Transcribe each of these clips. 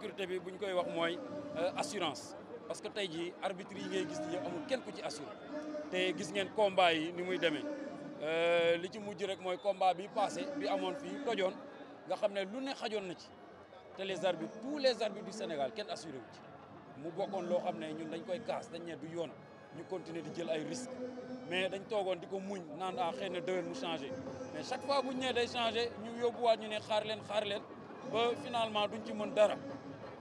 sécurité bi bu ñu koy wax mooy euh, assurance parce que tey jii arbitre yi ngay gis ni amul kenn ku ci assuré te gis ngeen combat yi ni muy demee euh, li ci mujj rek mooy combat bi passé bi amoon fii tojoon nga xam ne lu ne xajoon na ci te les arbitres tous les arbitres du Sénégal kenn assuré wu ci mu bokkoon loo xam ne ñun dañ koy kaas dañ ne du yoon ñu continuer di jël ay risques mais dañ toogoon di ko muñ nan ah xëy na déwén mu changer mais chaque fois bu ñu nee day changé ñu yóbbuwaat ñu ne xaar leen xaar leen ba finalement duñ ci mën dara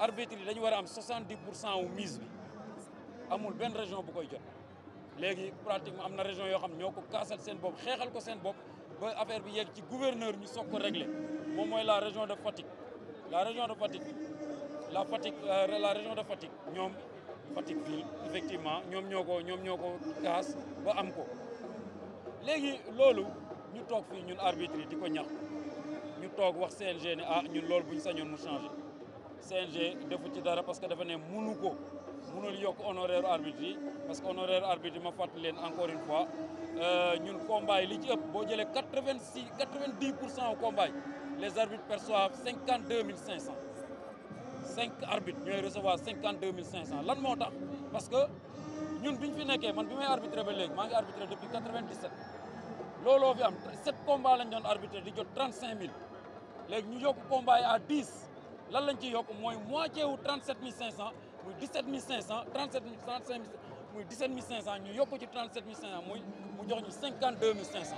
arbitre dañu 70 pour mise amul ben région bu koy jot pratiquement amna région yoo xam ko ba affaire bi ci gouverneur ñu régler mom la région de Fatick la région de Fatick la Fatick euh, la région de Fatick ñom ville effectivement ñom ñoko ñom ñoko ba am ko sommes lolu ñu ñun arbitre diko ñax ñu wax CNG ah ñun buñ mu changé CNG défaut de dara parce que devenait munuko munul yok honoraire arbitre parce que honoraire arbitre ma fatte encore une fois euh ñun combat li ci ëpp bo jëlé 86 90% au combat les arbitres perçoivent 52500 5 arbitres ñoy recevoir 52500 lan mo tax parce que ñun biñ fi nekké man bi may arbitrer ba légui ma ngi arbitrer depuis 97 lolo fi am 7 combats lañ doon arbitrer di jot 35000 légui ñu yok combat à 10 lan lañ ci yok moy moitié wu 37500 moy 17500 37 35 17500 ñu yokk ci 37500 moy mu jox ñu 52500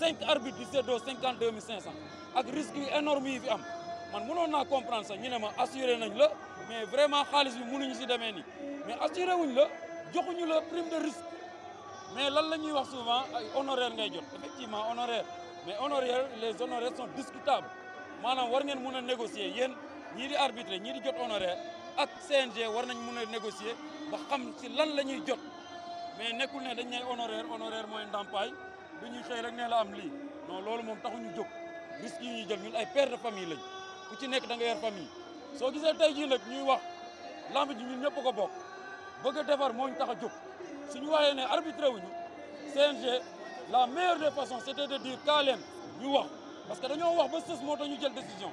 5 arbitres du CEDO 52500 ak risque énorme yi fi am man mënon na comprendre ça ñu assuré nañ la mais vraiment xaliss bi mënuñu si démé ni mais assurer wuñ la joxuñu la prime de risque mais lan la ñuy wax souvent ay honoraires ngay jot effectivement honoraires mais honoraires les honoraires sont discutables ne war ngeen si négocier yeen ñii di arbitré ñii di jot honoraire ak CNG war nañ mëna négocier ba xam ci lan lañuy jot mais nekul ne dañ ne honoraire honoraire moy ndampay du xey rek ne la am li non loolu moom taxuñu jóg risque yi ñuy jël ñun ay père de famille lañ ku ci nek da nga yar famille so gisé tay ji nak ñuy wax lamb ji ñun ñëpp ko bok bëgg défar defar taxa ñu suñu wayé né arbitre wuñu CNG la meilleure des façons c'était de dire kaa ñu wax parce que dañoo wax ba seuss moo tax ñu jël décision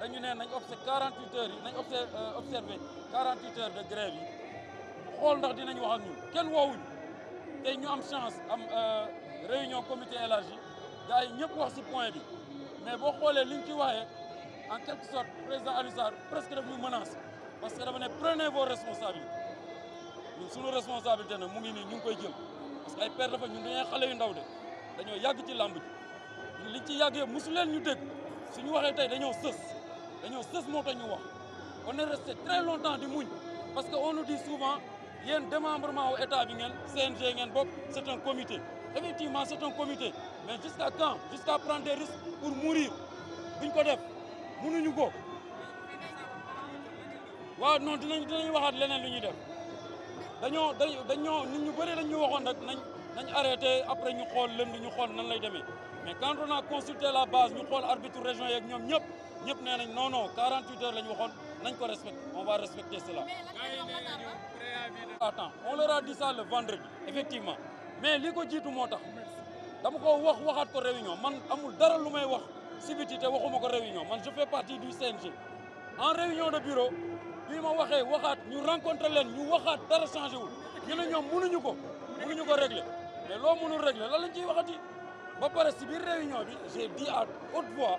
dañu né nañ observé 48 heures yi nañ euh, observé 48 heures de grève yi xool ndax dinañ wax ak ñun kenn woowuñ tey ñu am chance am euh, réunion comité élargi gaay yi ñëpp wax ci point bi mais bo xolé liñ ci waxé en quelque sorte président Alioune Sarr presque daf ñu menace parce que dama né prenez vos responsabilités ñun suñu responsabilité nag mu ngi ni ñu ngi koy jël parce que ay père dafa ñun dañay xalé yu ndaw de dañoo yàgg ci lamb ji liñ ci yàggee mosu leen ñu dégg suñu waxé tay dañoo sës on est resté très longtemps parce qu'on nous dit souvent il démembrement a état CNG un comité effectivement c'est un comité mais jusqu'à quand jusqu'à prendre des risques pour mourir nous ko def non ne pas après mais quand on a consulté la base nous arbitre région non non 48 heures on va respecter cela. Hein? attends on leur a dit ça le vendredi effectivement mais ce que motax réunion je fais partie du CNG en réunion de bureau bi ma dit ñu rencontrer ñu waxat dara régler mais lo réunion j'ai dit à haute voix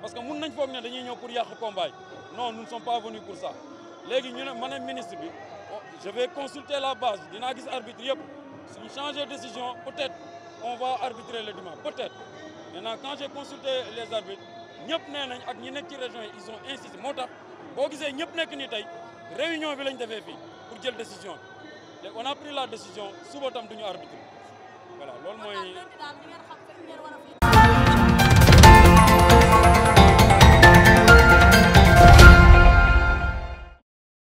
parce que nous nañ foog ne dañuy ñëw pour yàq combat non nous ne sommes pas venus pour ça Maintenant, ñu ministre oh, je vais consulter la base dinaa gis arbitre nous changeons changer décision peut-être on va arbitrer le dimanche peut-être maintenant quand j'ai consulté les arbitres ñëpp nee nañ ak ñi région ils ont insisté moo tax boo gisee ñëpp nekk ni réunion bi lañ defee pour jël décision on a pris la décision sous tam duñu arbitrer voilà loolu